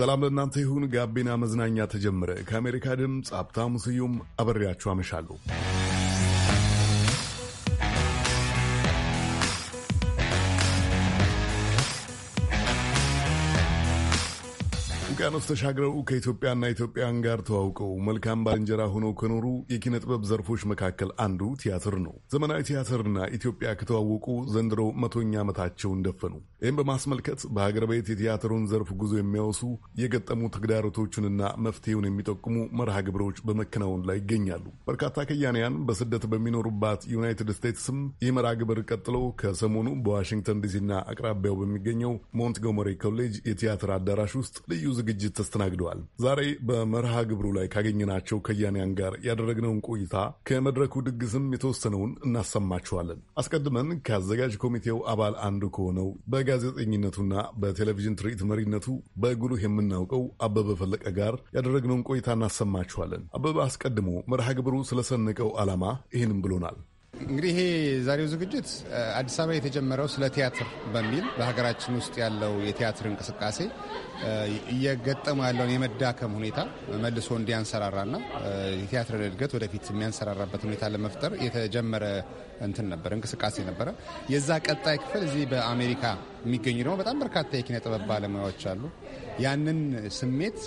ሰላም ለእናንተ ይሁን። ጋቢና መዝናኛ ተጀመረ። ከአሜሪካ ድምፅ ሀብታሙ ስዩም አበሬያችሁ አመሻለሁ። ውቅያኖስ ተሻግረው ከኢትዮጵያና ኢትዮጵያን ጋር ተዋውቀው መልካም ባልንጀራ ሆነው ከኖሩ የኪነ ጥበብ ዘርፎች መካከል አንዱ ቲያትር ነው። ዘመናዊ ቲያትርና ኢትዮጵያ ከተዋወቁ ዘንድሮ መቶኛ ዓመታቸውን ደፈኑ። ይህም በማስመልከት በሀገር ቤት የቲያትሩን ዘርፍ ጉዞ የሚያወሱ የገጠሙ ተግዳሮቶቹንና መፍትሄውን የሚጠቁሙ መርሃ ግብሮች በመከናወን ላይ ይገኛሉ። በርካታ ከያንያን በስደት በሚኖሩባት ዩናይትድ ስቴትስም ይህ መርሃ ግብር ቀጥሎ ከሰሞኑ በዋሽንግተን ዲሲና አቅራቢያው በሚገኘው ሞንትጎመሪ ኮሌጅ የቲያትር አዳራሽ ውስጥ ልዩ ዝግ ዝግጅት ተስተናግደዋል። ዛሬ በመርሃ ግብሩ ላይ ካገኘናቸው ከያንያን ጋር ያደረግነውን ቆይታ ከመድረኩ ድግስም የተወሰነውን እናሰማችኋለን። አስቀድመን ከአዘጋጅ ኮሚቴው አባል አንዱ ከሆነው በጋዜጠኝነቱና በቴሌቪዥን ትርኢት መሪነቱ በጉልህ የምናውቀው አበበ ፈለቀ ጋር ያደረግነውን ቆይታ እናሰማችኋለን። አበበ አስቀድሞ መርሃ ግብሩ ስለሰነቀው ዓላማ ይህንም ብሎናል። እንግዲህ ይሄ ዛሬው ዝግጅት አዲስ አበባ የተጀመረው ስለ ቲያትር በሚል በሀገራችን ውስጥ ያለው የቲያትር እንቅስቃሴ እየገጠመው ያለውን የመዳከም ሁኔታ መልሶ እንዲያንሰራራና የቲያትር እድገት ወደፊት የሚያንሰራራበት ሁኔታ ለመፍጠር የተጀመረ እንትን ነበረ እንቅስቃሴ ነበረ። የዛ ቀጣይ ክፍል እዚህ በአሜሪካ የሚገኙ ደግሞ በጣም በርካታ የኪነ ጥበብ ባለሙያዎች አሉ። ያንን ስሜት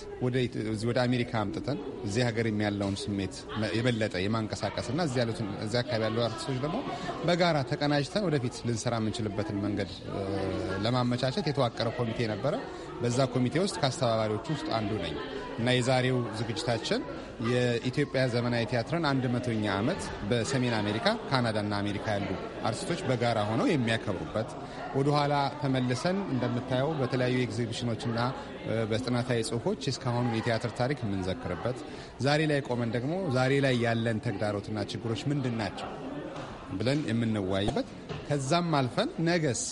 ወደ አሜሪካ አምጥተን እዚህ ሀገር ያለውን ስሜት የበለጠ እና እዚህ አካባቢ ያሉ አርቲስቶች ደግሞ በጋራ ተቀናጅተን ወደፊት ልንሰራ የምንችልበትን መንገድ ለማመቻቸት የተዋቀረ ኮሚቴ ነበረ። በዛ ኮሚቴ ውስጥ ከአስተባባሪዎች ውስጥ አንዱ ነኝ እና የዛሬው ዝግጅታችን የኢትዮጵያ ዘመናዊ ቲያትርን አንድ መቶኛ ዓመት በሰሜን አሜሪካ ካናዳና አሜሪካ ያሉ አርቲስቶች በጋራ ሆነው የሚያከብሩበት ወደኋላ ተመልሰን እንደምታየው በተለያዩ ኤግዚቢሽኖችና በጥናታዊ ጽሁፎች እስካሁን የቲያትር ታሪክ የምንዘክርበት፣ ዛሬ ላይ ቆመን ደግሞ ዛሬ ላይ ያለን ተግዳሮትና ችግሮች ምንድን ናቸው ብለን የምንወያይበት ከዛም አልፈን ነገስ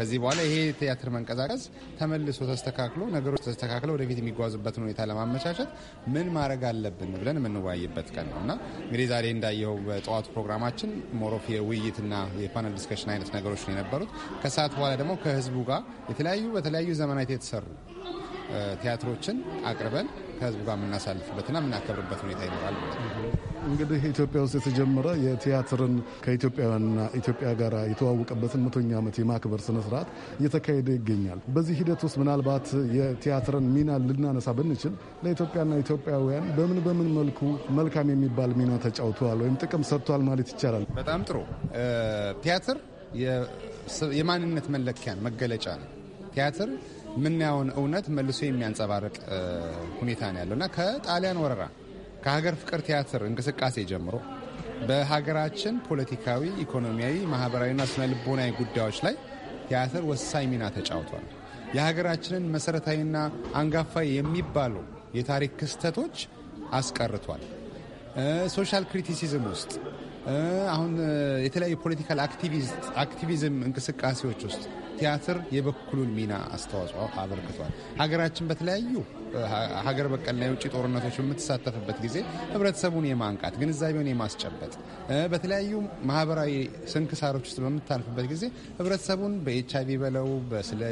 ከዚህ በኋላ ይሄ ቲያትር መንቀሳቀስ ተመልሶ ተስተካክሎ ነገሮች ተስተካክለው ወደፊት የሚጓዙበትን ሁኔታ ለማመቻቸት ምን ማድረግ አለብን ብለን የምንወያይበት ቀን ነው እና እንግዲህ ዛሬ እንዳየው በጠዋቱ ፕሮግራማችን ሞሮፍ የውይይትና የፓነል ዲስከሽን አይነት ነገሮች ነው የነበሩት። ከሰዓት በኋላ ደግሞ ከህዝቡ ጋር የተለያዩ በተለያዩ ዘመናት የተሰሩ ቲያትሮችን አቅርበን ከህዝቡ ጋር የምናሳልፍበትና የምናከብርበት ሁኔታ ይኖራል ማለት ነው። እንግዲህ ኢትዮጵያ ውስጥ የተጀመረ የቲያትርን ከኢትዮጵያውያንና ኢትዮጵያ ጋር የተዋወቀበትን መቶኛ ዓመት የማክበር ስነስርዓት እየተካሄደ ይገኛል። በዚህ ሂደት ውስጥ ምናልባት የቲያትርን ሚና ልናነሳ ብንችል ለኢትዮጵያና ኢትዮጵያውያን በምን በምን መልኩ መልካም የሚባል ሚና ተጫውተዋል ወይም ጥቅም ሰጥቷል ማለት ይቻላል? በጣም ጥሩ። ቲያትር የማንነት መለኪያን መገለጫ ነው። ቲያትር የምናየውን እውነት መልሶ የሚያንጸባርቅ ሁኔታ ነው ያለው እና ከጣሊያን ወረራ ከሀገር ፍቅር ቲያትር እንቅስቃሴ ጀምሮ በሀገራችን ፖለቲካዊ፣ ኢኮኖሚያዊ፣ ማህበራዊና ስነ ልቦናዊ ጉዳዮች ላይ ቲያትር ወሳኝ ሚና ተጫውቷል። የሀገራችንን መሰረታዊና አንጋፋ የሚባሉ የታሪክ ክስተቶች አስቀርቷል። ሶሻል ክሪቲሲዝም ውስጥ አሁን የተለያዩ ፖለቲካል አክቲቪዝም እንቅስቃሴዎች ውስጥ ቲያትር የበኩሉን ሚና አስተዋጽኦ አበርክቷል። ሀገራችን በተለያዩ ሀገር በቀልና የውጭ ጦርነቶች በምትሳተፍበት ጊዜ ህብረተሰቡን የማንቃት ግንዛቤውን የማስጨበጥ በተለያዩ ማህበራዊ ስንክሳሮች ውስጥ በምታልፍበት ጊዜ ህብረተሰቡን በኤች አይቪ በለው ስለ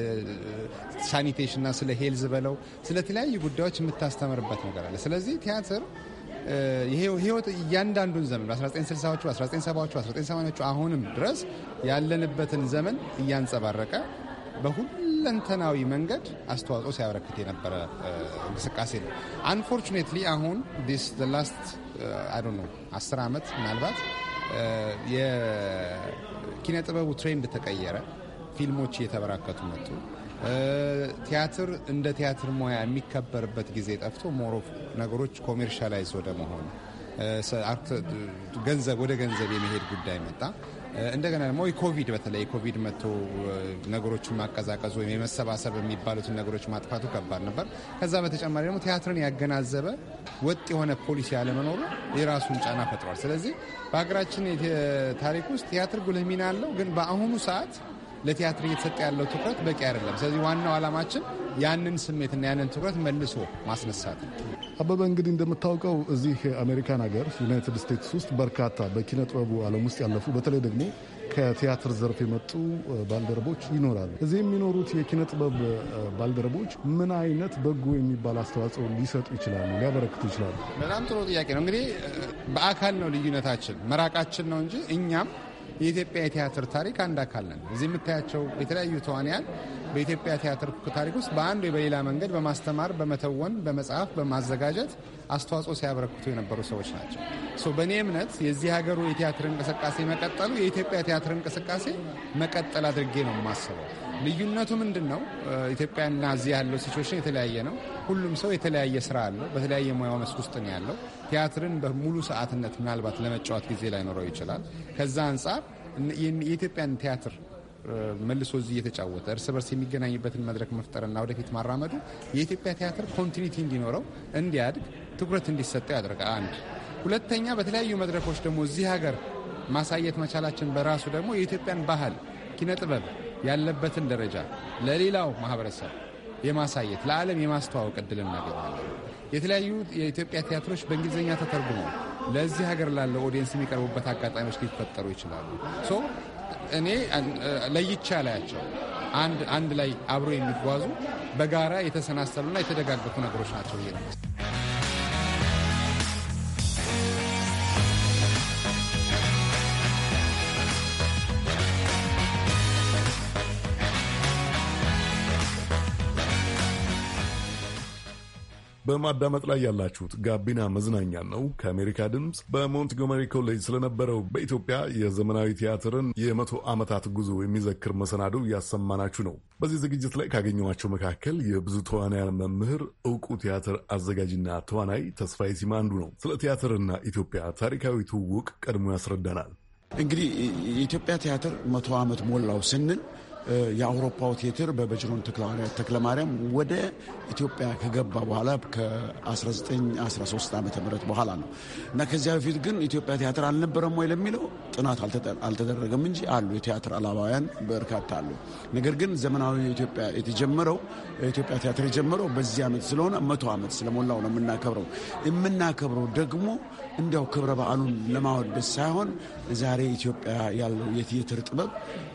ሳኒቴሽንና ስለ ሄልዝ በለው ስለተለያዩ ጉዳዮች የምታስተምርበት ነገር አለ። ስለዚህ ቲያትር ህይወት እያንዳንዱን ዘመን በ1960ዎቹ፣ 1970ዎቹ፣ 1980ዎቹ አሁንም ድረስ ያለንበትን ዘመን እያንጸባረቀ በሁለንተናዊ መንገድ አስተዋጽኦ ሲያበረክት የነበረ እንቅስቃሴ ነው። አንፎርቹኔትሊ አሁን ዲስ ላስት አይ አስር ዓመት ምናልባት የኪነ ጥበቡ ትሬንድ ተቀየረ። ፊልሞች እየተበራከቱ መጡ። ቲያትር እንደ ቲያትር ሙያ የሚከበርበት ጊዜ ጠፍቶ ሞሮ ነገሮች ኮሜርሻላይዝ ወደ መሆኑ ገንዘብ ወደ ገንዘብ የመሄድ ጉዳይ መጣ። እንደገና ደግሞ የኮቪድ በተለይ የኮቪድ መጥቶ ነገሮችን ማቀዛቀዝ ወይም የመሰባሰብ የሚባሉትን ነገሮች ማጥፋቱ ከባድ ነበር። ከዛ በተጨማሪ ደግሞ ቲያትርን ያገናዘበ ወጥ የሆነ ፖሊሲ ያለመኖሩ የራሱን ጫና ፈጥሯል። ስለዚህ በሀገራችን ታሪክ ውስጥ ቲያትር ጉልህ ሚና አለው፣ ግን በአሁኑ ሰዓት ለቲያትር እየተሰጠ ያለው ትኩረት በቂ አይደለም። ስለዚህ ዋናው ዓላማችን ያንን ስሜትና ያንን ትኩረት መልሶ ማስነሳት ነው። አበበ እንግዲህ እንደምታውቀው እዚህ አሜሪካን ሀገር ዩናይትድ ስቴትስ ውስጥ በርካታ በኪነ ጥበቡ ዓለም ውስጥ ያለፉ በተለይ ደግሞ ከቲያትር ዘርፍ የመጡ ባልደረቦች ይኖራሉ። እዚህ የሚኖሩት የኪነ ጥበብ ባልደረቦች ምን አይነት በጎ የሚባል አስተዋጽኦ ሊሰጡ ይችላሉ፣ ሊያበረክቱ ይችላሉ? በጣም ጥሩ ጥያቄ ነው። እንግዲህ በአካል ነው ልዩነታችን፣ መራቃችን ነው እንጂ እኛም የኢትዮጵያ የቲያትር ታሪክ አንድ አካል ነን። እዚህ የምታያቸው የተለያዩ ተዋንያን በኢትዮጵያ ቲያትር ታሪክ ውስጥ በአንድ ወይ በሌላ መንገድ በማስተማር፣ በመተወን፣ በመጽሐፍ፣ በማዘጋጀት አስተዋጽኦ ሲያበረክቱ የነበሩ ሰዎች ናቸው። በእኔ እምነት የዚህ ሀገሩ የቲያትር እንቅስቃሴ መቀጠሉ የኢትዮጵያ ቲያትር እንቅስቃሴ መቀጠል አድርጌ ነው የማስበው። ልዩነቱ ምንድን ነው? ኢትዮጵያና እዚህ ያለው ሲቹዌሽን የተለያየ ነው። ሁሉም ሰው የተለያየ ስራ አለው። በተለያየ ሙያው መስክ ውስጥ ነው ያለው። ቲያትርን በሙሉ ሰዓትነት ምናልባት ለመጫወት ጊዜ ላይኖረው ይችላል። ከዛ አንጻር የኢትዮጵያን ቲያትር መልሶ እዚህ እየተጫወተ እርስ በርስ የሚገናኝበትን መድረክ መፍጠርና ወደፊት ማራመዱ የኢትዮጵያ ቲያትር ኮንቲኒቲ እንዲኖረው እንዲያድግ ትኩረት እንዲሰጠው ያደርጋል። አንድ ሁለተኛ፣ በተለያዩ መድረኮች ደግሞ እዚህ ሀገር ማሳየት መቻላችን በራሱ ደግሞ የኢትዮጵያን ባህል ኪነጥበብ ያለበትን ደረጃ ለሌላው ማህበረሰብ የማሳየት ለዓለም የማስተዋወቅ እድል እናገኛለን። የተለያዩ የኢትዮጵያ ቲያትሮች በእንግሊዝኛ ተተርጉመው ለዚህ ሀገር ላለው ኦዲየንስ የሚቀርቡበት አጋጣሚዎች ሊፈጠሩ ይችላሉ። እኔ ለይቼ አላያቸው። አንድ አንድ ላይ አብሮ የሚጓዙ በጋራ የተሰናሰሉና የተደጋገፉ ነገሮች ናቸው። በማዳመጥ ላይ ያላችሁት ጋቢና መዝናኛ ነው ከአሜሪካ ድምፅ። በሞንትጎመሪ ኮሌጅ ስለነበረው በኢትዮጵያ የዘመናዊ ቲያትርን የመቶ ዓመታት ጉዞ የሚዘክር መሰናዶ እያሰማናችሁ ነው። በዚህ ዝግጅት ላይ ካገኘኋቸው መካከል የብዙ ተዋናያን መምህር፣ እውቁ ቲያትር አዘጋጅና ተዋናይ ተስፋዬ ሲማ አንዱ ነው። ስለ ቲያትርና ኢትዮጵያ ታሪካዊ ትውውቅ ቀድሞ ያስረዳናል። እንግዲህ የኢትዮጵያ ቲያትር መቶ ዓመት ሞላው ስንል የአውሮፓው ቴትር በበጅሮን ተክለ ማርያም ወደ ኢትዮጵያ ከገባ በኋላ ከ1913 ዓ ም በኋላ ነው እና ከዚያ በፊት ግን ኢትዮጵያ ቲያትር አልነበረም ወይ ለሚለው ጥናት አልተደረገም እንጂ አሉ የቲያትር አላባውያን በርካታ አሉ። ነገር ግን ዘመናዊ ኢትዮጵያ የተጀመረው ኢትዮጵያ ቲያትር የጀመረው በዚህ ዓመት ስለሆነ መቶ ዓመት ስለሞላው ነው የምናከብረው። የምናከብረው ደግሞ እንዲያው ክብረ በዓሉን ለማወደስ ሳይሆን ዛሬ ኢትዮጵያ ያለው የቲያትር ጥበብ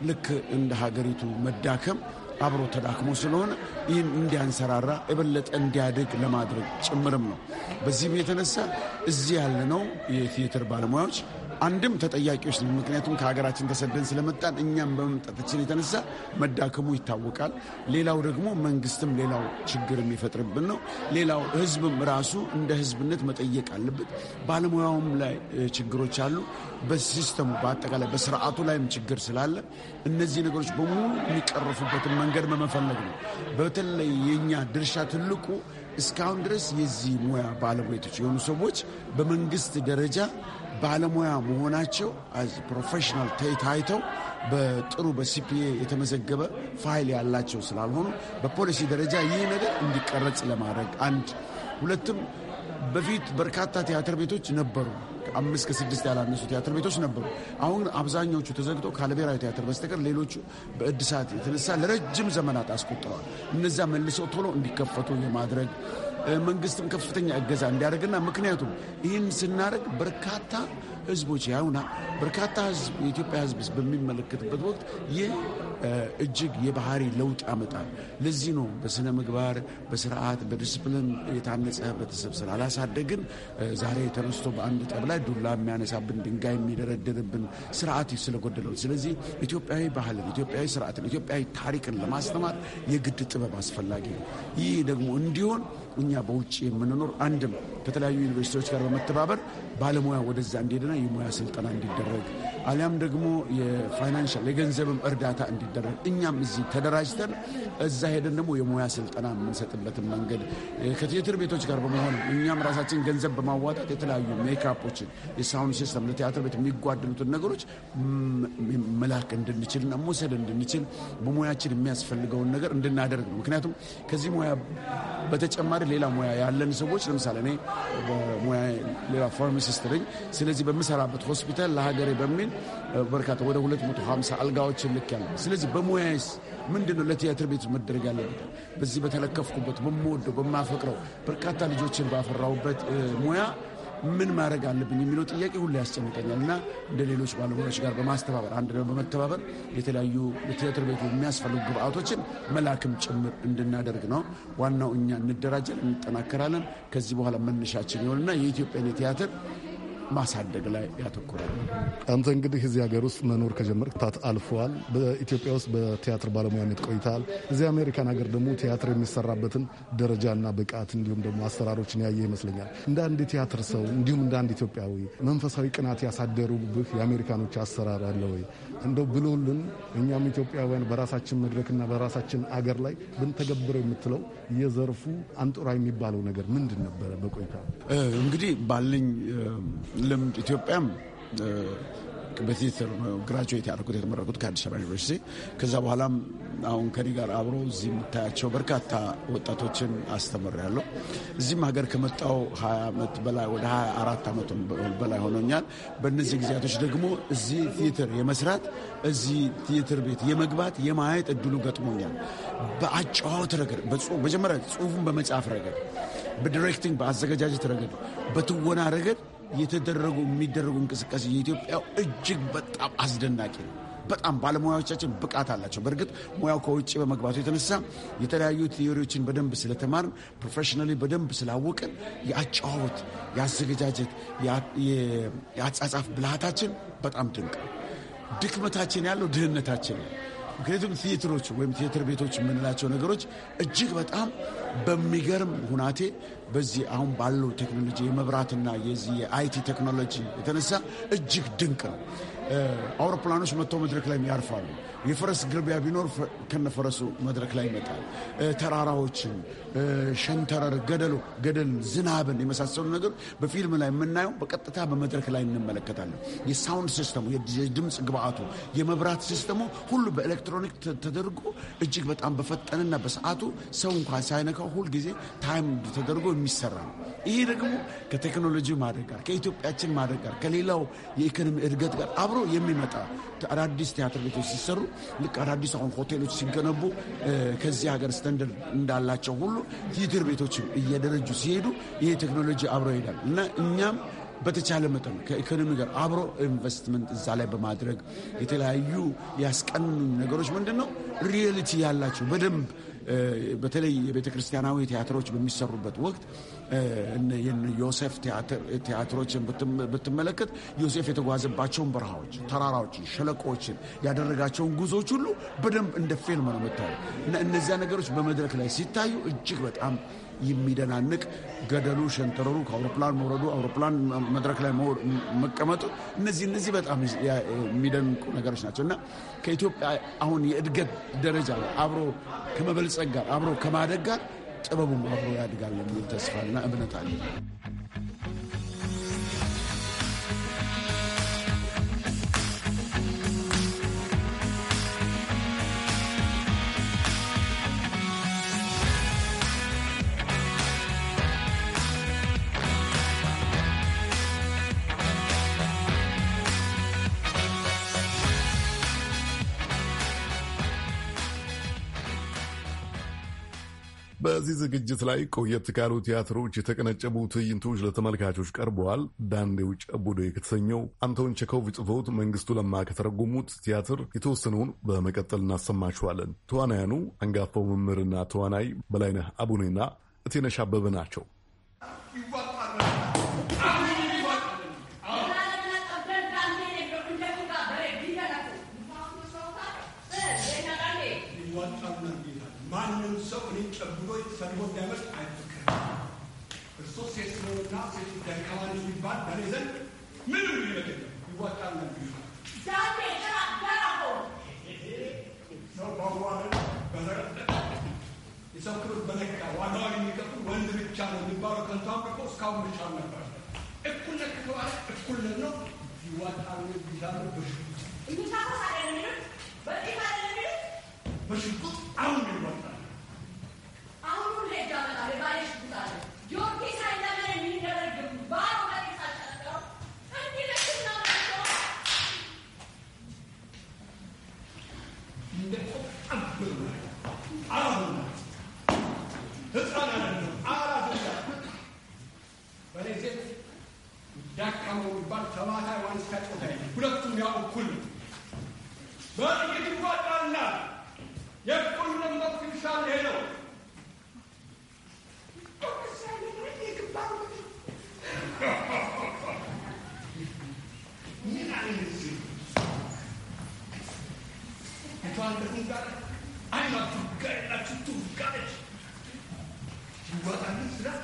ልክ እንደ ሀገሪቱ መዳከም አብሮ ተዳክሞ ስለሆነ ይህን እንዲያንሰራራ የበለጠ እንዲያድግ ለማድረግ ጭምርም ነው። በዚህም የተነሳ እዚህ ያለነው የቲያትር ባለሙያዎች አንድም ተጠያቂዎች ምክንያቱም ከሀገራችን ተሰደን ስለመጣን እኛም በመምጣታችን የተነሳ መዳከሙ ይታወቃል። ሌላው ደግሞ መንግስትም ሌላው ችግር የሚፈጥርብን ነው። ሌላው ህዝብም ራሱ እንደ ህዝብነት መጠየቅ አለበት። ባለሙያውም ላይ ችግሮች አሉ። በሲስተሙ በአጠቃላይ በስርዓቱ ላይም ችግር ስላለ እነዚህ ነገሮች በሙሉ የሚቀረፉበትን መንገድ በመፈለግ ነው። በተለይ የእኛ ድርሻ ትልቁ እስካሁን ድረስ የዚህ ሙያ ባለሙያቶች የሆኑ ሰዎች በመንግስት ደረጃ ባለሙያ መሆናቸው ፕሮፌሽናል ታይተው በጥሩ በሲፒኤ የተመዘገበ ፋይል ያላቸው ስላልሆኑ በፖሊሲ ደረጃ ይህ ነገር እንዲቀረጽ ለማድረግ አንድ ሁለትም በፊት በርካታ ቲያትር ቤቶች ነበሩ። አምስት ከስድስት ያላነሱ ቲያትር ቤቶች ነበሩ። አሁን አብዛኛዎቹ ተዘግቶ ካለብሔራዊ ቲያትር በስተቀር ሌሎቹ በእድሳት የተነሳ ለረጅም ዘመናት አስቆጥረዋል። እነዚያ መልሰው ቶሎ እንዲከፈቱ የማድረግ መንግስትም ከፍተኛ እገዛ እንዲያደርግና ምክንያቱም ይህን ስናደርግ በርካታ ህዝቦች ያውና በርካታ ህዝብ የኢትዮጵያ ህዝብ በሚመለከትበት ወቅት ይህ እጅግ የባህሪ ለውጥ ያመጣል። ለዚህ ነው በስነ ምግባር፣ በስርዓት፣ በዲስፕሊን የታነጸ ህብረተሰብ ስላላሳደግን ዛሬ ተነስቶ በአንድ ጠብ ላይ ዱላ የሚያነሳብን ድንጋይ የሚደረድርብን ስርዓት ስለጎደለው። ስለዚህ ኢትዮጵያዊ ባህልን፣ ኢትዮጵያዊ ስርዓትን፣ ኢትዮጵያዊ ታሪክን ለማስተማር የግድ ጥበብ አስፈላጊ ነው። ይህ ደግሞ እንዲሆን እኛ በውጭ የምንኖር አንድም ከተለያዩ ዩኒቨርሲቲዎች ጋር በመተባበር ባለሙያ ወደዛ እንዲሄድና የሙያ ስልጠና እንዲደረግ አሊያም ደግሞ የፋይናንሻል የገንዘብም እርዳታ እንዲደረግ እኛም እዚህ ተደራጅተን እዛ ሄደን ደግሞ የሙያ ስልጠና የምንሰጥበትን መንገድ ከትትር ቤቶች ጋር በመሆን እኛም ራሳችን ገንዘብ በማዋጣት የተለያዩ ሜካፖችን፣ የሳውንድ ሲስተም ለቲያትር ቤት የሚጓደሉትን ነገሮች መላክ እንድንችልና መውሰድ እንድንችል በሙያችን የሚያስፈልገውን ነገር እንድናደርግ ነው። ምክንያቱም ከዚህ ሙያ በተጨማሪ ሌላ ሙያ ያለን ሰዎች ለምሳሌ እኔ በሙያ ሌላ ፋርማሲስት ነኝ። ስለዚህ በምሰራበት ሆስፒታል ለሀገሬ በሚል በርካታ ወደ 250 አልጋዎች ልክ ያለ። ስለዚህ በሙያስ ምንድን ነው ለቲያትር ቤት መደረግ ያለበት? በዚህ በተለከፍኩበት በምወደው በማፈቅረው በርካታ ልጆችን ባፈራሁበት ሙያ ምን ማድረግ አለብኝ የሚለው ጥያቄ ሁሉ ያስጨንቀኛል እና እንደ ሌሎች ባለሙያዎች ጋር በማስተባበር አንድ ነው በመተባበር የተለያዩ ለቲያትር ቤቱ የሚያስፈልጉ ግብአቶችን መላክም ጭምር እንድናደርግ ነው። ዋናው እኛ እንደራጀን፣ እንጠናከራለን። ከዚህ በኋላ መነሻችን ይሆንና የኢትዮጵያን ቲያትር። ማሳደግ ላይ ያተኩራል አንተ እንግዲህ እዚህ ሀገር ውስጥ መኖር ከጀመር ታት አልፈዋል። በኢትዮጵያ ውስጥ በቲያትር ባለሙያነት ቆይተሃል። እዚህ አሜሪካን ሀገር ደግሞ ቲያትር የሚሰራበትን ደረጃና ብቃት እንዲሁም ደግሞ አሰራሮችን ያየ ይመስለኛል። እንደ አንድ ቲያትር ሰው እንዲሁም እንደ አንድ ኢትዮጵያዊ መንፈሳዊ ቅናት ያሳደሩብህ የአሜሪካኖች አሰራር አለ ወይ? እንደው ብሎልን እኛም ኢትዮጵያውያን በራሳችን መድረክና በራሳችን አገር ላይ ብንተገብረው የምትለው የዘርፉ አንጡራ የሚባለው ነገር ምንድን ነበረ? በቆይታ እንግዲህ ባለኝ ልምድ ኢትዮጵያም በቲትር ግራጁዌት ያደርጉት የተመረቁት ከአዲስ አበባ ዩኒቨርሲቲ ከዛ በኋላም አሁን ከኔ ጋር አብሮ እዚህ የምታያቸው በርካታ ወጣቶችን አስተምር ያለው እዚህም ሀገር ከመጣው ሀያ ዓመት በላይ ወደ ሀያ አራት ዓመት በላይ ሆኖኛል። በእነዚህ ጊዜያቶች ደግሞ እዚህ ቲያትር የመስራት እዚህ ቲያትር ቤት የመግባት የማየት እድሉ ገጥሞኛል። በአጫዋወት ረገድ፣ መጀመሪያ ጽሁፉን በመጻፍ ረገድ፣ በዲሬክቲንግ በአዘገጃጀት ረገድ፣ በትወና ረገድ የተደረጉ የሚደረጉ እንቅስቃሴ የኢትዮጵያ እጅግ በጣም አስደናቂ ነው። በጣም ባለሙያዎቻችን ብቃት አላቸው። በእርግጥ ሙያው ከውጭ በመግባቱ የተነሳ የተለያዩ ቲዮሪዎችን በደንብ ስለተማርን ፕሮፌሽናሊ በደንብ ስላወቅን የአጨዋወት፣ የአዘገጃጀት፣ የአጻጻፍ ብልሃታችን በጣም ድንቅ ነው። ድክመታችን ያለው ድህነታችን ነው። ምክንያቱም ቲያትሮች ወይም ቲያትር ቤቶች የምንላቸው ነገሮች እጅግ በጣም በሚገርም ሁናቴ በዚህ አሁን ባለው ቴክኖሎጂ የመብራትና የዚህ የአይቲ ቴክኖሎጂ የተነሳ እጅግ ድንቅ ነው። Eh, አውሮፕላኖች መጥተው መድረክ ላይ ያርፋሉ። የፈረስ ግርቢያ ቢኖር ከነፈረሱ መድረክ ላይ ይመጣል። eh, ተራራዎችን፣ eh, ሸንተረር፣ ገደሉ ገደል፣ ዝናብን የመሳሰሉ ነገር በፊልም ላይ የምናየው በቀጥታ በመድረክ ላይ እንመለከታለን። የሳውንድ ሲስተሙ፣ የድምፅ ግብአቱ፣ የመብራት ሲስተሙ ሁሉ በኤሌክትሮኒክ ተደርጎ እጅግ በጣም በፈጠንና በሰዓቱ ሰው እንኳን ሳይነካው ሁልጊዜ ታይም ተደርጎ የሚሰራ ነው። ይሄ ደግሞ ከቴክኖሎጂ ማደግ ጋር ከኢትዮጵያችን ማደግ ጋር ከሌላው የኢኮኖሚ እድገት ጋር አብሮ የሚመጣ አዳዲስ ቲያትር ቤቶች ሲሰሩ ልክ አዳዲስ አሁን ሆቴሎች ሲገነቡ ከዚህ ሀገር ስተንደርድ እንዳላቸው ሁሉ ቲያትር ቤቶች እየደረጁ ሲሄዱ ይሄ ቴክኖሎጂ አብሮ ይሄዳል እና እኛም በተቻለ መጠን ከኢኮኖሚ ጋር አብሮ ኢንቨስትመንት እዛ ላይ በማድረግ የተለያዩ ያስቀኑ ነገሮች ምንድን ነው ሪያሊቲ ያላቸው በደንብ በተለይ የቤተ ክርስቲያናዊ ቲያትሮች በሚሰሩበት ወቅት ዮሴፍ ቲያትሮችን ብትመለከት ዮሴፍ የተጓዘባቸውን በረሃዎች፣ ተራራዎችን፣ ሸለቆዎችን ያደረጋቸውን ጉዞዎች ሁሉ በደንብ እንደ ፊልም ነው የምታዩ እና እነዚያ ነገሮች በመድረክ ላይ ሲታዩ እጅግ በጣም የሚደናንቅ ገደሉ፣ ሸንተረሩ፣ ከአውሮፕላን መውረዱ፣ አውሮፕላን መድረክ ላይ መቀመጡ፣ እነዚህ እነዚህ በጣም የሚደንቁ ነገሮች ናቸው እና ከኢትዮጵያ አሁን የእድገት ደረጃ ላይ አብሮ ከመበልጸግ ጋር አብሮ ከማደግ ጋር ጥበቡም አብሮ ያድጋል የሚል ተስፋና እምነት አለ። በዚህ ዝግጅት ላይ ቆየት ካሉ ቲያትሮች የተቀነጨቡ ትዕይንቶች ለተመልካቾች ቀርበዋል። ዳንዴው ጨቡዴ ከተሰኘው አንቶን ቸኮቭ ጽፎት መንግስቱ ለማ ከተረጎሙት ቲያትር የተወሰነውን በመቀጠል እናሰማችኋለን። ተዋናያኑ አንጋፋው መምህርና ተዋናይ በላይነህ አቡኔና እቴነሽ አበበ ናቸው። ጨምሮ ሰልቦ እንዳይመርጥ አይመከርም። ክርስቶስ ሴት ስለሆነና ሴት እንዳይከባል የሚባል በኔ ዘንድ ምንም ይበደለ ይዋጣል ነው የሰው ክብር በነካ ዋጋው የሚከፍል ወንድ ብቻ ነው የሚባለው ከንቱ አምልኮ እስካሁን ብቻ ነበር። እኩልነት ከተባለ እኩልነት ነው። ይዋጣል ቢዛለ በሽቁጥ በሽቁጥ አሁን ይዋጣል ዳካሞ የሚባል ተባታይ ዋንስታጭ ላይ ሁለቱም ያው እኩል ነው። በጥቂት ይዋጣና የእኩልነት መብት ይሻል ይሄ ነው። ምን አይነት ከጨዋነቱም ጋር አይናችሁ ጋር ያላችሁ ትጋለች ይዋጣልን ስላት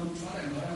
嗯，好的。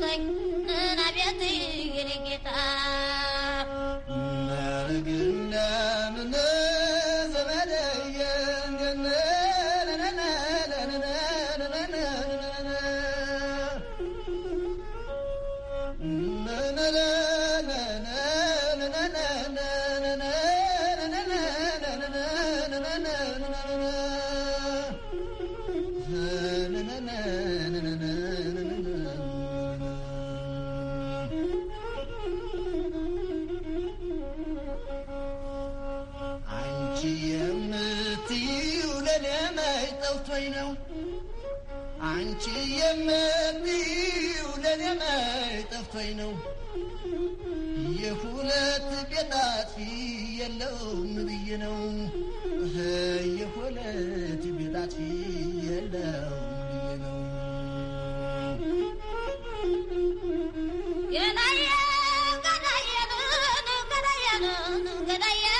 thing I am.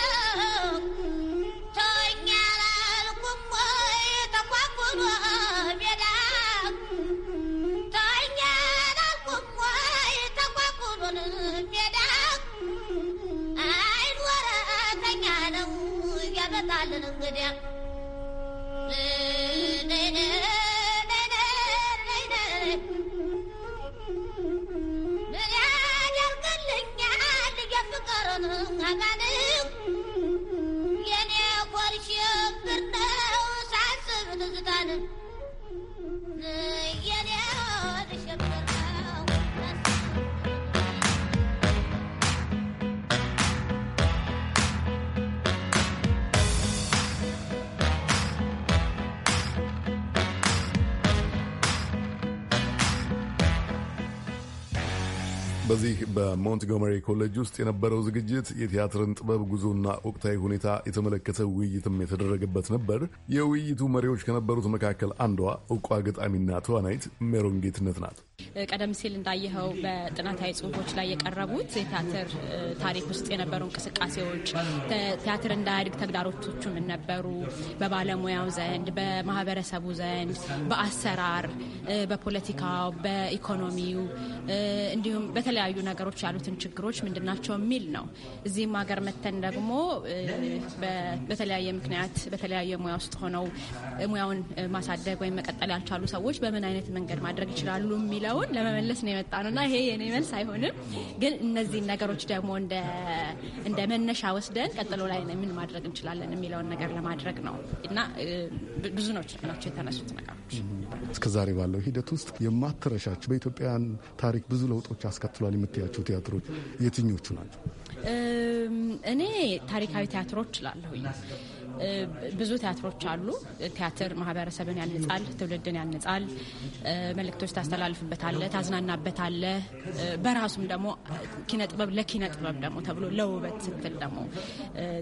በዚህ በሞንትጎመሪ ኮሌጅ ውስጥ የነበረው ዝግጅት የቲያትርን ጥበብ ጉዞና ወቅታዊ ሁኔታ የተመለከተ ውይይትም የተደረገበት ነበር። የውይይቱ መሪዎች ከነበሩት መካከል አንዷ እውቋ ገጣሚና ተዋናይት ሜሮን ጌትነት ናት። ቀደም ሲል እንዳየኸው በጥናታዊ ጽሁፎች ላይ የቀረቡት የቲያትር ታሪክ ውስጥ የነበሩ እንቅስቃሴዎች፣ ቲያትር እንዳያድግ ተግዳሮቶቹ ምን ነበሩ? በባለሙያው ዘንድ፣ በማህበረሰቡ ዘንድ፣ በአሰራር፣ በፖለቲካው፣ በኢኮኖሚው እንዲሁም በተለያዩ ነገሮች ያሉትን ችግሮች ምንድናቸው የሚል ነው። እዚህም ሀገር መተን ደግሞ በተለያየ ምክንያት በተለያየ ሙያ ውስጥ ሆነው ሙያውን ማሳደግ ወይም መቀጠል ያልቻሉ ሰዎች በምን አይነት መንገድ ማድረግ ይችላሉ የሚለው የሚለውን ለመመለስ ነው የመጣ ነው እና ይሄ የኔ መልስ አይሆንም። ግን እነዚህን ነገሮች ደግሞ እንደ መነሻ ወስደን ቀጥሎ ላይ ምን ማድረግ እንችላለን የሚለውን ነገር ለማድረግ ነው እና ብዙ ናቸው የተነሱት ነገሮች። እስከዛሬ ባለው ሂደት ውስጥ የማትረሻቸው በኢትዮጵያን ታሪክ ብዙ ለውጦች አስከትሏል የምትያቸው ቲያትሮች የትኞቹ ናቸው? እኔ ታሪካዊ ቲያትሮች እላለሁኝ። ብዙ ቲያትሮች አሉ። ቲያትር ማህበረሰብን ያንጻል፣ ትውልድን ያንጻል፣ መልእክቶች ታስተላልፍበታለ፣ ታዝናናበታለ። በራሱም ደግሞ ኪነ ጥበብ ለኪነ ጥበብ ደግሞ ተብሎ ለውበት ስትል ደግሞ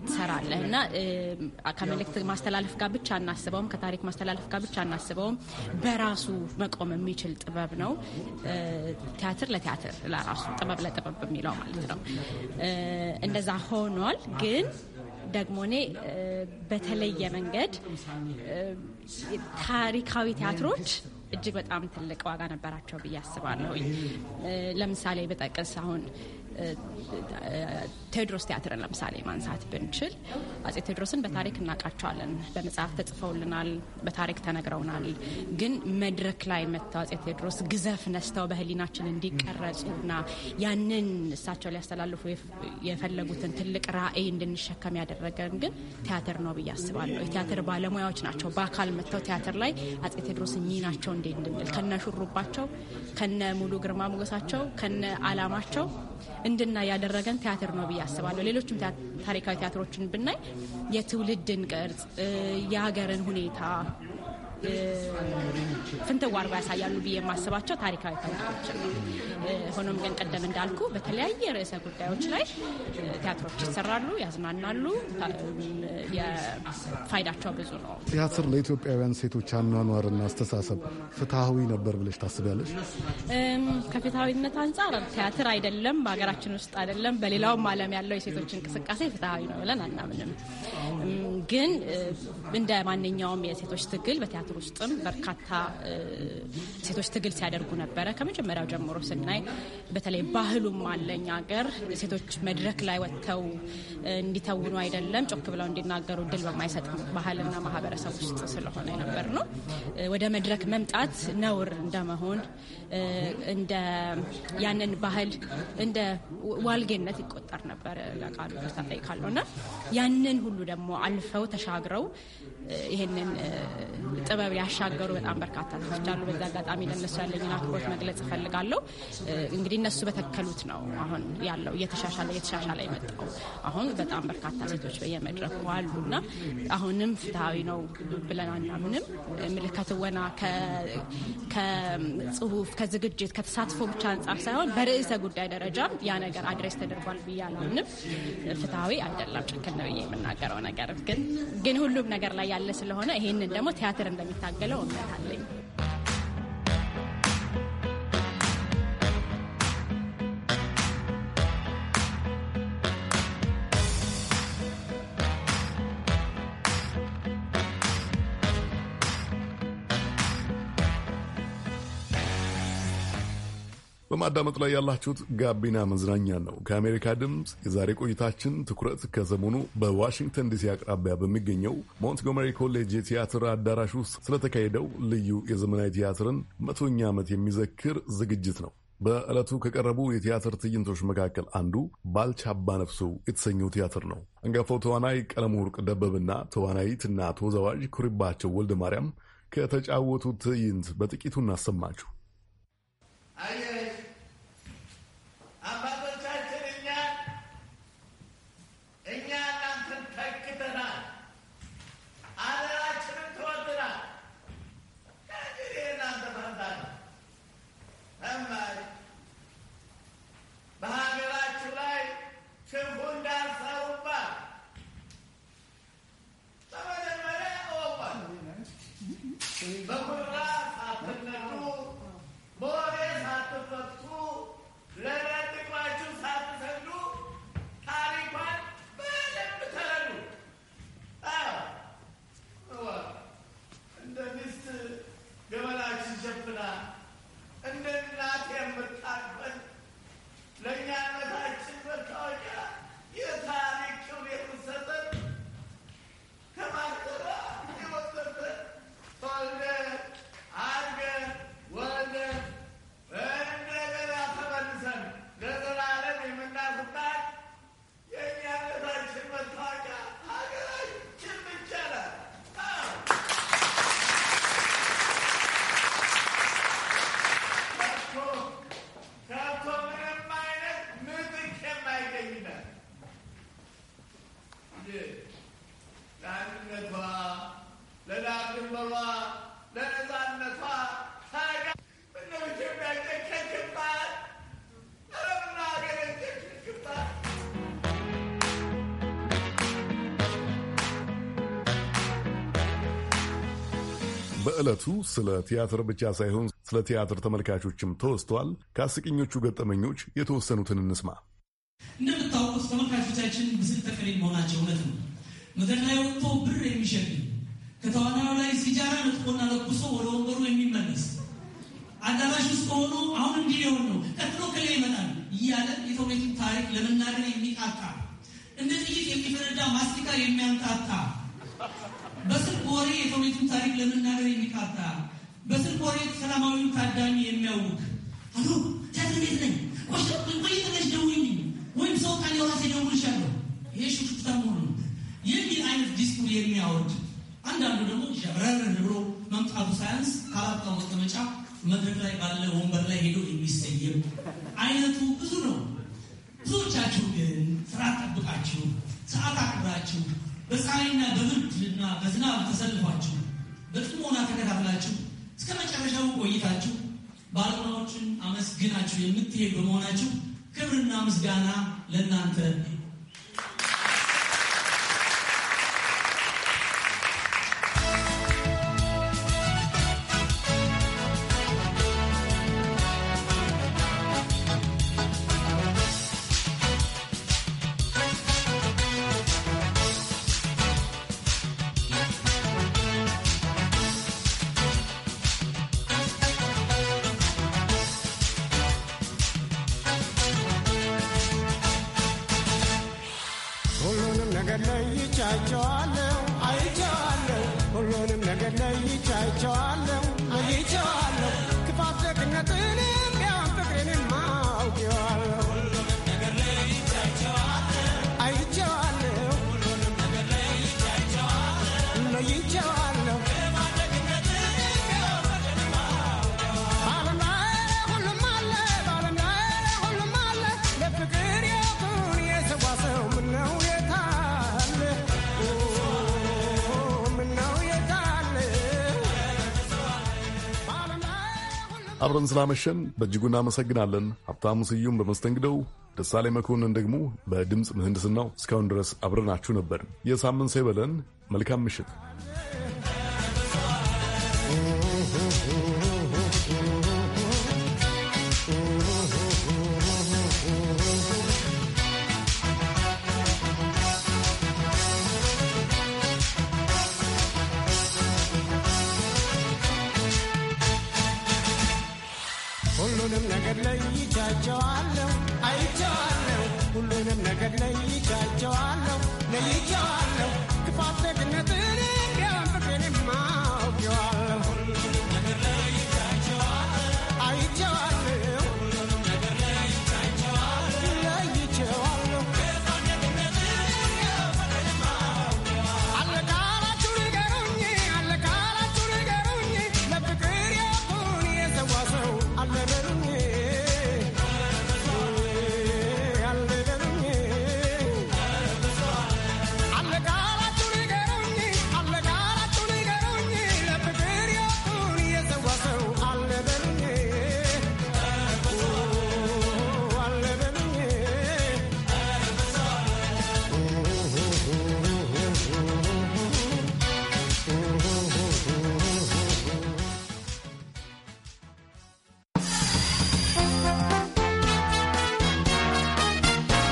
ትሰራለህ እና ከመልእክት ማስተላለፍ ጋር ብቻ አናስበውም፣ ከታሪክ ማስተላለፍ ጋር ብቻ አናስበውም። በራሱ መቆም የሚችል ጥበብ ነው። ቲያትር ለቲያትር ለራሱ ጥበብ ለጥበብ የሚለው ማለት ነው። እንደዛ ሆኗል ግን ደግሞ እኔ በተለየ መንገድ ታሪካዊ ቲያትሮች እጅግ በጣም ትልቅ ዋጋ ነበራቸው ብዬ አስባለሁኝ። ለምሳሌ በጠቅስ አሁን ቴዎድሮስ ቲያትርን ለምሳሌ ማንሳት ብንችል አጼ ቴዎድሮስን በታሪክ እናውቃቸዋለን። በመጽሐፍ ተጽፈውልናል፣ በታሪክ ተነግረውናል። ግን መድረክ ላይ መጥተው አጼ ቴዎድሮስ ግዘፍ ነስተው በህሊናችን እንዲቀረጹና ያንን እሳቸው ሊያስተላልፉ የፈለጉትን ትልቅ ራዕይ እንድንሸከም ያደረገን ግን ቲያትር ነው ብዬ አስባለሁ። የቲያትር ባለሙያዎች ናቸው። በአካል መጥተው ቲያትር ላይ አጼ ቴዎድሮስ እኚህ ናቸው እንዴ እንድንል ከነ ሹሩባቸው፣ ከነ ሙሉ ግርማ ሞገሳቸው፣ ከነ አላማቸው እንድና ያደረገን ቲያትር ነው ብዬ አስባለሁ። ሌሎችም ታሪካዊ ቲያትሮችን ብናይ የትውልድን ቅርጽ፣ የሀገርን ሁኔታ ፍንትው ያሳያሉ ብዬ የማስባቸው ታሪካዊ ተውኔቶችን ነው። ሆኖም ግን ቀደም እንዳልኩ በተለያየ ርዕሰ ጉዳዮች ላይ ቲያትሮች ይሰራሉ፣ ያዝናናሉ፣ ፋይዳቸው ብዙ ነው። ቲያትር ለኢትዮጵያውያን ሴቶች አኗኗርና አስተሳሰብ ፍትሐዊ ነበር ብለሽ ታስቢያለሽ? ከፍትሐዊነት አንጻር ቲያትር አይደለም በሀገራችን ውስጥ አይደለም በሌላውም ዓለም ያለው የሴቶች እንቅስቃሴ ፍትሐዊ ነው ብለን አናምንም። ግን እንደ ማንኛውም የሴቶች ትግል በቲያትር ሀገር ውስጥም በርካታ ሴቶች ትግል ሲያደርጉ ነበረ። ከመጀመሪያው ጀምሮ ስናይ በተለይ ባህሉም አለኝ ሀገር ሴቶች መድረክ ላይ ወጥተው እንዲተውኑ አይደለም ጮክ ብለው እንዲናገሩ ድል በማይሰጥ ባህልና ማህበረሰብ ውስጥ ስለሆነ የነበር ነው። ወደ መድረክ መምጣት ነውር እንደመሆን እንደ ያንን ባህል እንደ ዋልጌነት ይቆጠር ነበር ቃሉ ተጠይ ካለውና ያንን ሁሉ ደግሞ አልፈው ተሻግረው ይህንን ጥበብ ጥበብ ያሻገሩ በጣም በርካታ ሰዎች አሉ። በዛ አጋጣሚ ለነሱ ያለኝን አክብሮት መግለጽ እፈልጋለሁ። እንግዲህ እነሱ በተከሉት ነው አሁን ያለው እየተሻሻለ እየተሻሻለ የመጣው አሁን በጣም በርካታ ሴቶች በየመድረኩ አሉ አሉና አሁንም ፍትሐዊ ነው ብለን አናምንም። ወና ከጽሁፍ፣ ከዝግጅት፣ ከተሳትፎ ብቻ አንጻር ሳይሆን በርዕሰ ጉዳይ ደረጃ ያ ነገር አድሬስ ተደርጓል ብዬ አላምንም። ፍትሐዊ አይደለም ጭክል ነው ብዬ የምናገረው ነገር ግን ግን ሁሉም ነገር ላይ ያለ ስለሆነ ይህንን ደግሞ ቲያትር እንደሚ እንደምታገለው እመኛለሁ። በማዳመጥ ላይ ያላችሁት ጋቢና መዝናኛ ነው ከአሜሪካ ድምፅ። የዛሬ ቆይታችን ትኩረት ከሰሞኑ በዋሽንግተን ዲሲ አቅራቢያ በሚገኘው ሞንትጎመሪ ኮሌጅ የቲያትር አዳራሽ ውስጥ ስለተካሄደው ልዩ የዘመናዊ ቲያትርን መቶኛ ዓመት የሚዘክር ዝግጅት ነው። በዕለቱ ከቀረቡ የቲያትር ትዕይንቶች መካከል አንዱ ባልቻባ ነፍሱ የተሰኘው ቲያትር ነው። አንጋፋው ተዋናይ ቀለም ወርቅ ደበብና ተዋናይትና ተወዛዋዥ ኩሪባቸው ወልደ ማርያም ከተጫወቱት ትዕይንት በጥቂቱ እናሰማችሁ። ዕለቱ ስለ ቲያትር ብቻ ሳይሆን ስለ ቲያትር ተመልካቾችም ተወስቷል። ከአስቂኞቹ ገጠመኞች የተወሰኑትን እንስማ። እንደምታውቁት ተመልካቾቻችን ምስል ተከሪ መሆናቸው እውነት ነው። መድረክ ላይ ወጥቶ ብር የሚሸግ ከተዋናዩ ላይ ሲጃራ ነጥቆና ለኩሶ ወደ ወንበሩ የሚመለስ አዳራሽ ውስጥ ከሆኑ አሁን እንዲህ ሊሆን ነው ቀጥሎ ከላ ይመጣል እያለ የተውኔቱን ታሪክ ለመናገር የሚጣጣ እንደ ጥይት የሚፈነዳ ማስቲካ የሚያንጣጣ በስልክ ወሬ የተውኔቱን ታሪክ ለመናገር የሚካታ በስልክ ወሬ ሰላማዊ ታዳሚ የሚያውቅ አቶ ቲያትር ቤት ነኝ ቆይ ደውኝ ወይም ሰው ካለ ራሴ ደውልሻለሁ ይህ ሹክሹክታ መሆኑ የሚል አይነት ዲስኩር የሚያወድ አንዳንዱ ደግሞ ረር ብሎ መምጣቱ ሳያንስ ካላጣ መቀመጫ መድረክ ላይ ባለ ወንበር ላይ ሄዶ የሚሰየም አይነቱ ብዙ ነው። ብዙዎቻችሁ ግን ስራ ጠብቃችሁ ሰዓት አክብራችሁ በፀሐይና በብርድና በዝናብ ተሰልፏችሁ በጥሞና ተከታትላችሁ እስከ መጨረሻው ቆይታችሁ ባለሙያዎችን አመስግናችሁ የምትሄድ በመሆናችሁ ክብርና ምስጋና ለእናንተ አብረን ስላመሸን በእጅጉ እናመሰግናለን። ሀብታሙ ስዩም በመስተንግደው ደሳሌ መኮንን ደግሞ በድምፅ ምህንድስናው እስካሁን ድረስ አብረናችሁ ነበር። የሳምንት ሰው ይበለን። መልካም ምሽት።